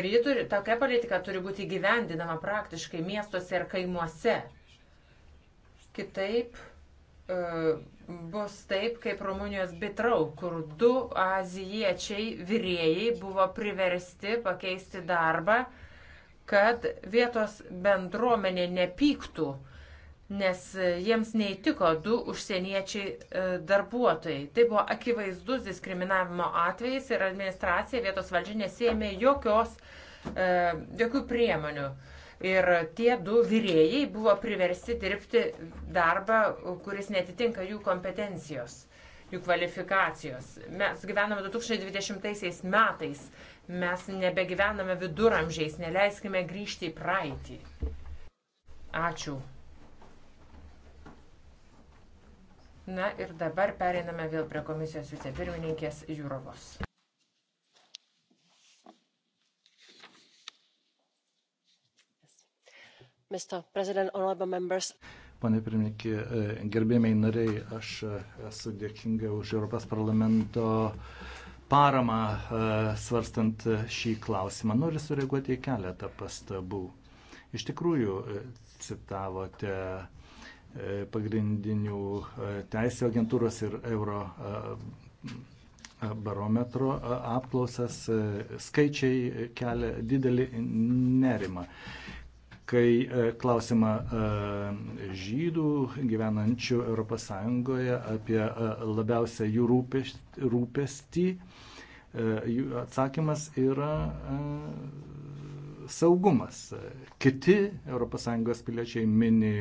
Ir turi, tokia politika turi būti gyvendinama praktiškai miestuose ir kaimuose. Kitaip E, bus taip, kaip Rumunijos bitrau, kur du azijiečiai vyrėjai buvo priversti pakeisti darbą, kad vietos bendruomenė nepyktų, nes jiems neįtiko du užsieniečiai e, darbuotojai. Tai buvo akivaizdus diskriminavimo atvejis ir administracija vietos valdžia nesėmė jokios, e, jokių priemonių. Ir tie du vyrėjai buvo priversti dirbti darbą, kuris netitinka jų kompetencijos, jų kvalifikacijos. Mes gyvename 2020 metais, mes nebegyvename viduramžiais, neleiskime grįžti į praeitį. Ačiū. Na ir dabar pereiname vėl prie komisijos vicepirmininkės Jūrovos. Pane pirmininkė, e, gerbėmiai nariai, aš e, esu dėkinga už Europos parlamento paramą e, svarstant šį klausimą. Noriu sureaguoti į keletą pastabų. Iš tikrųjų, citavote pagrindinių teisų agentūros ir euro barometro apklausas. Skaičiai kelia didelį nerimą kai e, klausimą e, žydų gyvenančių ES apie e, labiausią jų rūpestį, jų atsakymas yra saugumas. Kiti ES piliečiai mini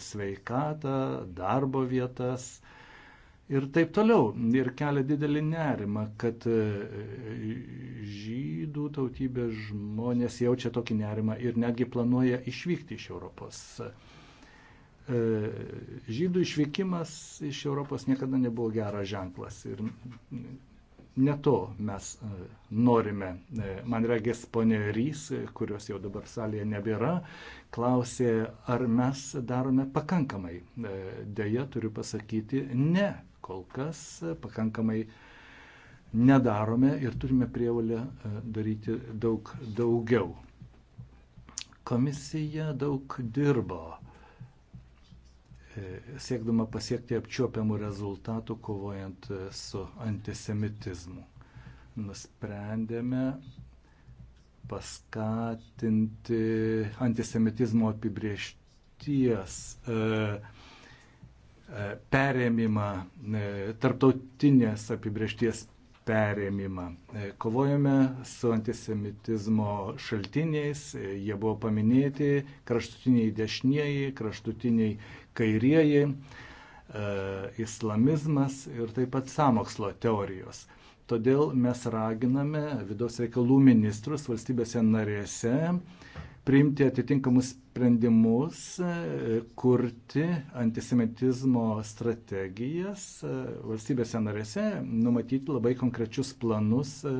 sveikatą, darbo vietas. Ir taip toliau. Ir kelia didelį nerimą, kad žydų žydų tautybės žmonės jaučia tokį nerimą ir netgi planuoja išvykti iš Europos. E, žydų išvykimas iš Europos niekada nebuvo geras ženklas ir ne to mes e, norime. E, man regės ponė Rys, kurios jau dabar salėje nebėra, klausė, ar mes darome pakankamai. Deja, turiu pasakyti, ne, kol kas pakankamai uh, nedarome ir turime prievalę e, daryti daug daugiau. Komisija daug dirbo, e, siekdama pasiekti apčiuopiamų rezultatų, kovojant e, su antisemitizmu. Nusprendėme paskatinti antisemitizmo apibriešties perėmimą tarptautinės apibriešties perėmimą. E, kovojame su antisemitizmo šaltiniais, e, jie buvo paminėti kraštutiniai dešinieji, kraštutiniai kairieji, e, islamizmas ir taip pat samokslo teorijos. Todėl mes raginame vidaus reikalų ministrus valstybėse narėse priimti atitinkamus sprendimus, e, kurti antisemitizmo strategijas e, valstybėse narėse, numatyti labai konkrečius planus e,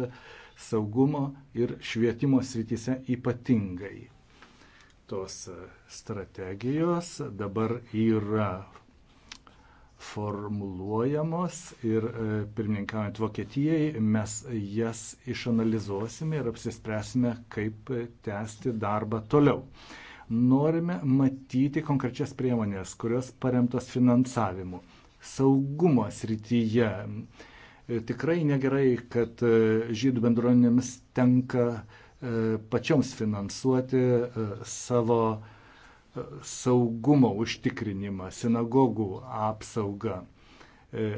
saugumo ir švietimo srityse ypatingai. Tos strategijos dabar yra formuluojamos ir e, pirmininkaujant Vokietijai mes jas išanalizuosime ir apsispręsime, kaip e, tęsti darbą toliau. Norime matyti konkrečias priemonės, kurios paremtos finansavimu. Saugumo srityje e, tikrai negerai, kad žydų bendruomenėms tenka pačioms finansuoti savo uh, saugumo užtikrinimą, sinagogų apsaugą. E,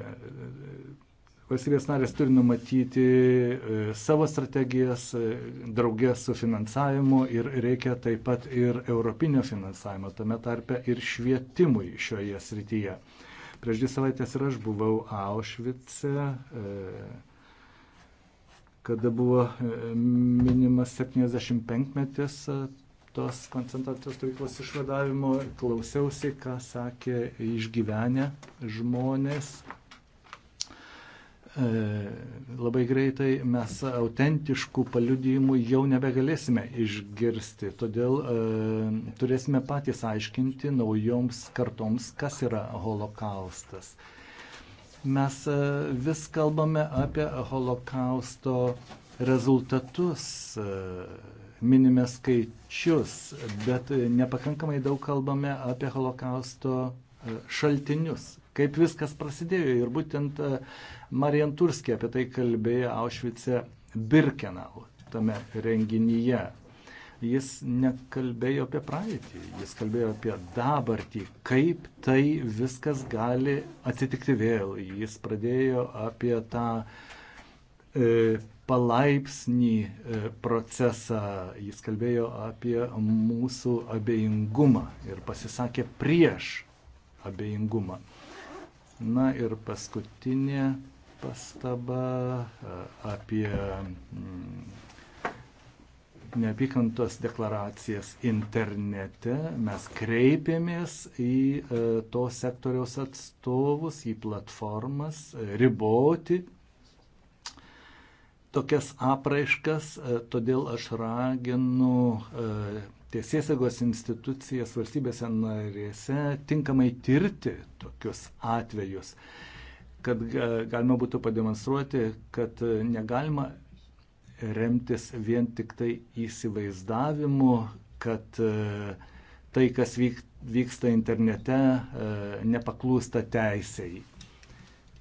Valstybės narės turi numatyti e, savo strategijas e, draugės su finansavimu ir reikia taip pat ir europinio finansavimo, tame tarpe ir švietimui šioje srityje. Prieš dvi savaitės ir aš buvau Aušvice, kada buvo minimas 75-metis tos koncentracijos stovyklos išvadavimo, klausiausi, ką sakė išgyvenę žmonės. E, labai greitai mes autentiškų paliudijimų jau nebegalėsime išgirsti, todėl e, turėsime patys aiškinti naujoms kartoms, kas yra holokaustas. Mes e, vis kalbame apie holokausto rezultatus. E, minime skaičius, bet nepakankamai daug kalbame apie holokausto e, šaltinius, kaip viskas prasidėjo. Ir būtent e, Marijan Turskė apie tai kalbėjo Aušvice Birkenau tame renginyje. Jis nekalbėjo apie praeitį, jis kalbėjo apie dabartį, kaip tai viskas gali atsitikti vėl. Jis pradėjo apie tą e, palaipsnį e, procesą. Jis kalbėjo apie mūsų abejingumą ir pasisakė prieš abejingumą. Na ir paskutinė pastaba e, apie mm, neapykantos deklaracijas internete. Mes kreipėmės į e, to sektoriaus atstovus, į platformas, riboti tokias apraiškas, e, todėl aš raginu e, tiesiesagos institucijas valstybėse narėse tinkamai tirti tokius atvejus, kad e, galima būtų pademonstruoti, kad negalima remtis vien tik tai įsivaizdavimu, kad tai, kas vyksta internete, nepaklūsta teisėjai.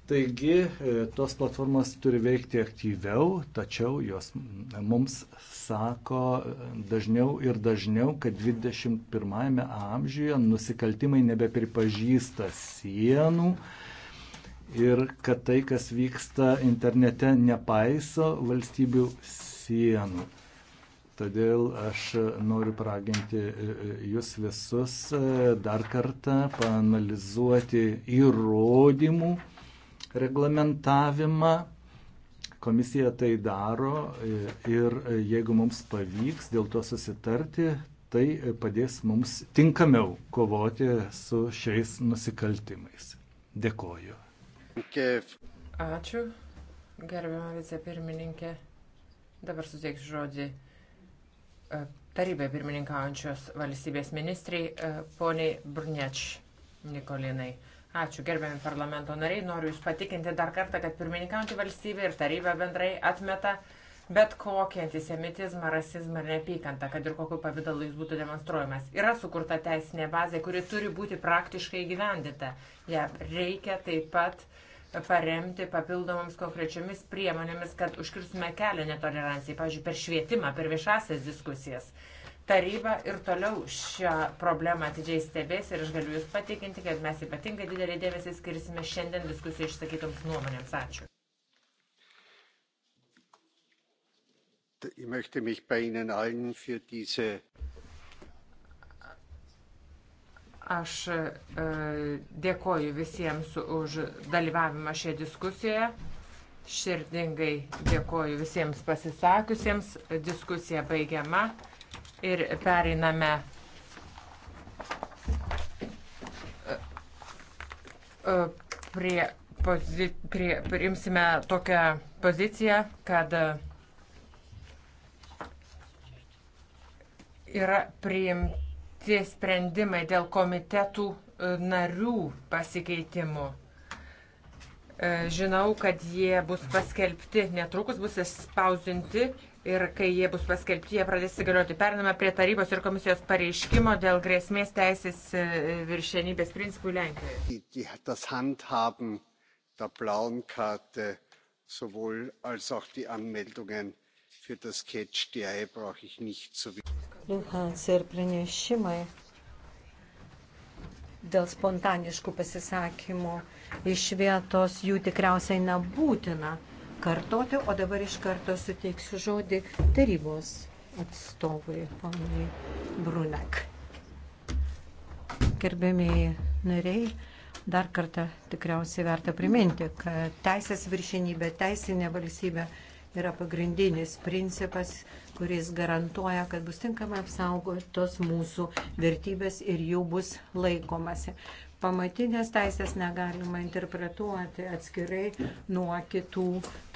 Taigi e, tos platformos turi veikti aktyviau, tačiau jos mums sako e, dažniau ir dažniau, kad 21-ame amžiuje nusikaltimai nebepripažįsta sienų ir kad tai, kas vyksta internete, nepaiso valstybių sienų. Todėl aš noriu praginti e, jūs visus dar kartą panalizuoti įrodymų reglamentavimą. Komisija tai daro ir jeigu mums pavyks dėl to susitarti, tai padės mums tinkamiau kovoti su šiais nusikaltimais. Dėkoju. Ačiū, gerbiamą vicepirmininkę. Dabar suteiksiu žodį e, tarybai pirmininkaujančios valstybės ministrai, e, poniai Brunėč Nikolinai. Ačiū, gerbiami parlamento nariai. Noriu Jūs patikinti dar kartą, kad pirmininkaujantį valstybę ir tarybą bendrai atmeta bet kokį antisemitizmą, rasizmą ir neapykantą, kad ir kokiu pavydalu jis būtų demonstruojamas. Yra sukurta teisinė bazė, kuri turi būti praktiškai gyvendinta. Ja reikia taip pat paremti papildomoms konkrečiomis priemonėmis, kad užkirstume kelią netolerancijai, pavyzdžiui, per švietimą, per viešasias diskusijas. Taryba ir toliau šią problemą atidžiai stebės ir aš galiu Jūs patikinti, kad mes ypatingai didelį dėmesį skirsime šiandien diskusijų išsakytoms nuomonėms. Ačiū. Ich möchte mich bei Ihnen allen für diese Aš e, dėkoju visiems už dalyvavimą šioje diskusijoje. Širdingai dėkoju visiems pasisakiusiems. Diskusija baigiama ir pereiname e, e, prie, pozi, prie priimsime tokią poziciją, kad yra priimti sprendimai dėl komitetų e, narių pasikeitimų. Žinau, kad jie bus paskelbti, netrukus bus išspausdinti ir kai jie bus paskelbti, jie pradės įgalioti. Periname prie tarybos ir komisijos pareiškimo dėl grėsmės teisės e, viršenybės principų Lenkijoje. sowohl als auch die Anmeldungen für das Catch DI brauche ich nicht zu wissen. Dėl spontaniškų pasisakymų iš vietos jų tikriausiai nebūtina kartoti, o dabar iš karto suteiksiu žodį tarybos atstovui, ponui Brunek. Gerbėmiai nariai, dar kartą tikriausiai verta priminti, kad teisės viršinybė, teisinė valstybė yra pagrindinis principas, kuris garantuoja, kad bus tinkamai apsaugotos mūsų vertybės ir jų bus laikomasi pamatinės teisės negalima interpretuoti atskirai nuo kitų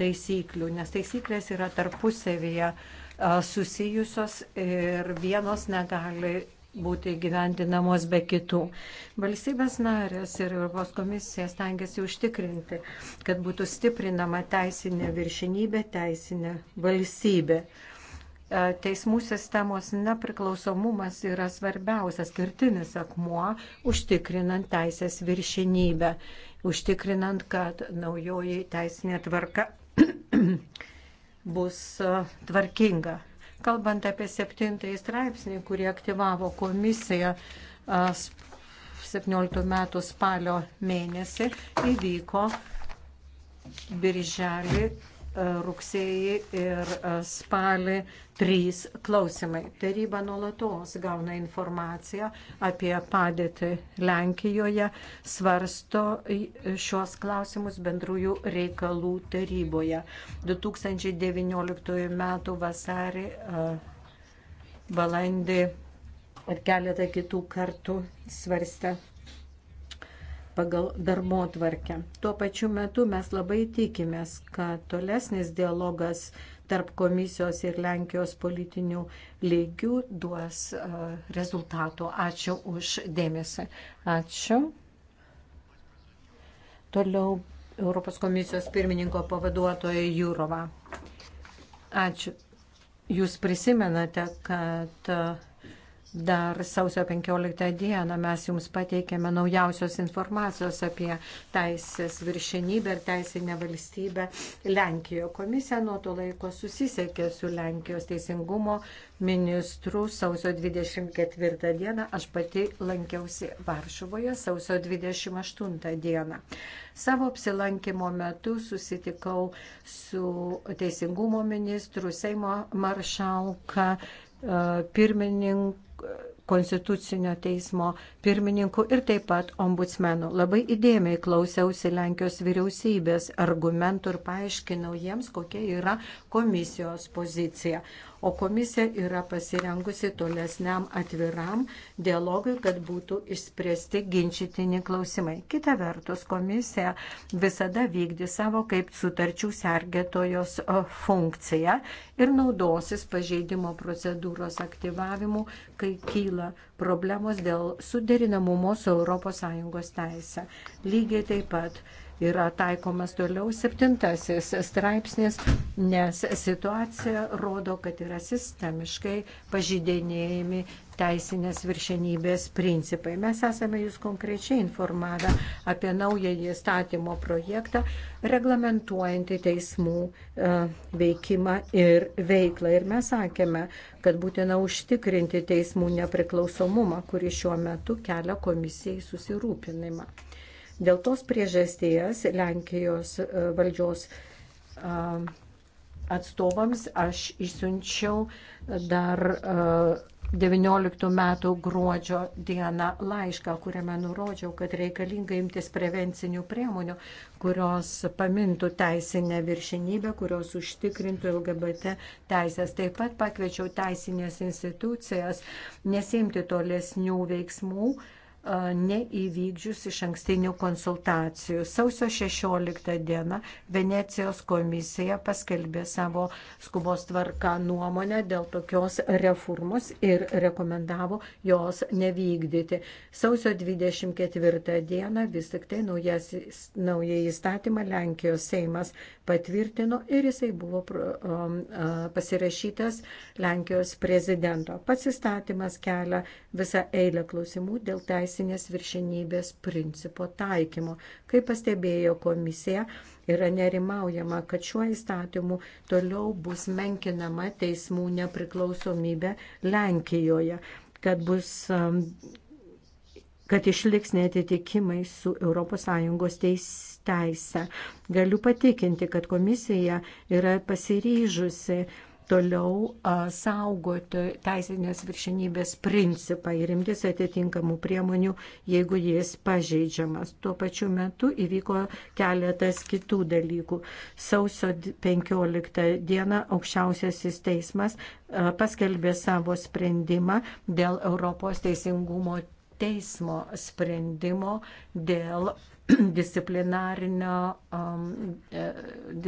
taisyklių, nes taisyklės yra tarpusavyje susijusios ir vienos negali būti gyvendinamos be kitų. Valstybės narės ir Europos komisija stengiasi užtikrinti, kad būtų stiprinama teisinė viršinybė, teisinė valstybė. E, teismų sistemos nepriklausomumas yra svarbiausias kertinis akmuo, užtikrinant teisės viršinybę, užtikrinant, kad naujoji teisinė tvarka *clears throat* bus e, tvarkinga. Kalbant apie septintąjį straipsnį, kurį aktyvavo komisija 17 e, metų spalio mėnesį, įvyko birželį E, rugsėjį ir e, spalį trys klausimai. Taryba nuolatos gauna informaciją apie padėtį Lenkijoje, svarsto šios klausimus bendrųjų reikalų taryboje. 2019 m. vasarį, e, balandį ir keletą kitų kartų svarstė pagal darbo tvarkę. Tuo pačiu metu mes labai tikimės, kad tolesnis dialogas tarp komisijos ir Lenkijos politinių lygių duos e, rezultatų. Ačiū už dėmesį. Ačiū. Toliau Europos komisijos pirmininko pavaduotoja Jūrova. Ačiū. Jūs prisimenate, kad Dar sausio 15 dieną mes jums pateikėme naujausios informacijos apie teisės viršenybę ir teisinę valstybę Lenkijoje. Komisija nuo to laiko susisiekė su Lenkijos teisingumo ministru sausio 24 dieną. Aš pati lankiausi Varšuvoje sausio 28 dieną. Savo apsilankimo metu susitikau su teisingumo ministru, Seimo maršalka, e, pirmininku konstitucinio teismo pirmininku ir taip pat ombudsmenu. Labai įdėmiai klausiausi Lenkijos vyriausybės argumentų ir paaiškinau jiems, kokia yra komisijos pozicija o komisija yra pasirengusi tolesniam atviram dialogui, kad būtų išspręsti ginčytini klausimai. Kita vertus, komisija visada vykdi savo kaip sutarčių sergėtojos funkciją ir naudosis pažeidimo procedūros aktyvavimu, kai kyla problemos dėl suderinamumo su ES teise. Lygiai taip pat yra taikomas toliau septintasis straipsnis, nes situacija rodo, kad yra sistemiškai pažydinėjami teisinės viršenybės principai. Mes esame jūs konkrečiai informavę apie naująjį statymo projektą, reglamentuojantį teismų e, veikimą ir veiklą. Ir mes sakėme, kad būtina užtikrinti teismų nepriklausomumą, kuri šiuo metu kelia komisijai susirūpinimą. Dėl tos priežasties Lenkijos e, valdžios atstovams aš išsiunčiau dar 19 e, metų gruodžio dieną laišką, kuriame nurodžiau, kad reikalinga imtis prevencinių priemonių, kurios pamintų teisinę viršinybę, kurios užtikrintų LGBT teisės. Taip pat pakviečiau teisinės institucijas nesimti tolesnių veiksmų, uh, E, neįvykdžius iš ankstinių konsultacijų. Sausio 16 dieną Venecijos komisija paskelbė savo skubos tvarką nuomonę dėl tokios reformos ir rekomendavo jos nevykdyti. Sausio 24 dieną vis tik tai naują įstatymą Lenkijos Seimas patvirtino ir jisai buvo pasirašytas Lenkijos prezidento. Pats įstatymas kelia visą eilę klausimų dėl teisės teisinės viršenybės principo taikymo. Kaip pastebėjo komisija, yra nerimaujama, kad šiuo įstatymu toliau bus menkinama teismų nepriklausomybė Lenkijoje, kad bus um, kad išliks netitikimai su ES teise. Galiu patikinti, kad komisija yra pasiryžusi toliau saugoti teisinės viršinybės principą ir imtis atitinkamų priemonių, jeigu jis pažeidžiamas. Tuo pačiu metu įvyko keletas kitų dalykų. Sausio 15 dieną aukščiausiasis teismas paskelbė savo sprendimą dėl Europos teisingumo teismo sprendimo dėl *clears throat* Um, e,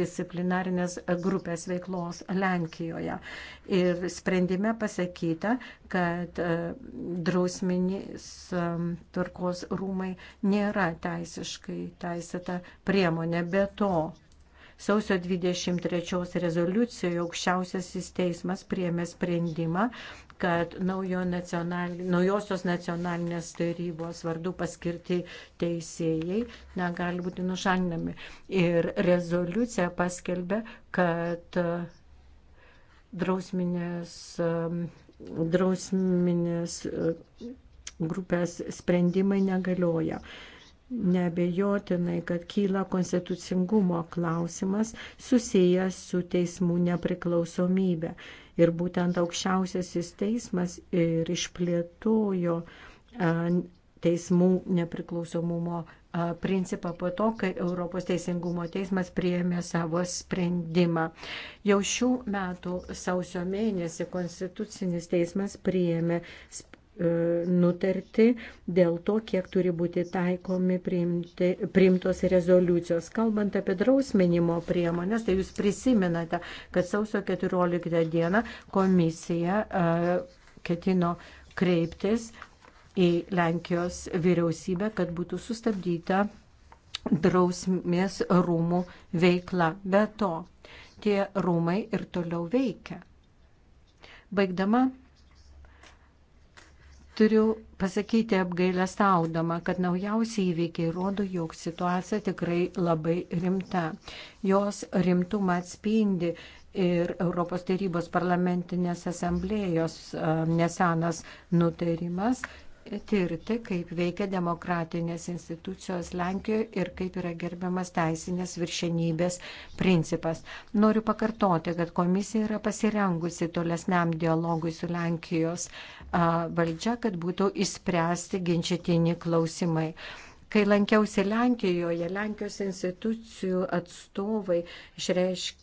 disciplinarinės grupės veiklos Lenkijoje. Ir sprendime pasakyta, kad e, drausminis um, tvarkos rūmai nėra teisiškai teisėta priemonė. Be to, sausio 23 rezoliucijoje aukščiausiasis teismas priėmė sprendimą, kad naujo nacional, naujosios nacionalinės tarybos vardu paskirti teisėjai negali būti nušalinami. Ir rezoliucija paskelbė, kad e, drausminės, e, drausminės e, grupės sprendimai negalioja. Nebejotinai, kad kyla konstitucingumo klausimas susijęs su teismų nepriklausomybė. Ir būtent aukščiausiasis teismas ir išplėtojo teismų nepriklausomumo principą po to, kai Europos Teisingumo teismas priėmė savo sprendimą. Jau šių metų sausio mėnesį Konstitucinis teismas priėmė E, nutarti dėl to, kiek turi būti taikomi priimti, priimtos rezoliucijos. Kalbant apie drausminimo priemonės, tai jūs prisiminate, kad sausio 14 dieną komisija e, ketino kreiptis į Lenkijos vyriausybę, kad būtų sustabdyta drausmės rūmų veikla. Be to, tie rūmai ir toliau veikia. Baigdama Turiu pasakyti apgailę staudama, kad naujausi įvykiai rodo, jog situacija tikrai labai rimta. Jos rimtumą atspindi ir Europos tarybos parlamentinės asamblėjos nesenas nutarimas tirti, kaip veikia demokratinės institucijos Lenkijoje ir kaip yra gerbiamas teisinės viršenybės principas. Noriu pakartoti, kad komisija yra pasirengusi tolesniam dialogui su Lenkijos valdžia, kad būtų įspręsti ginčytini klausimai. Kai lankiausi Lenkijoje, Lenkijos institucijų atstovai išreiškė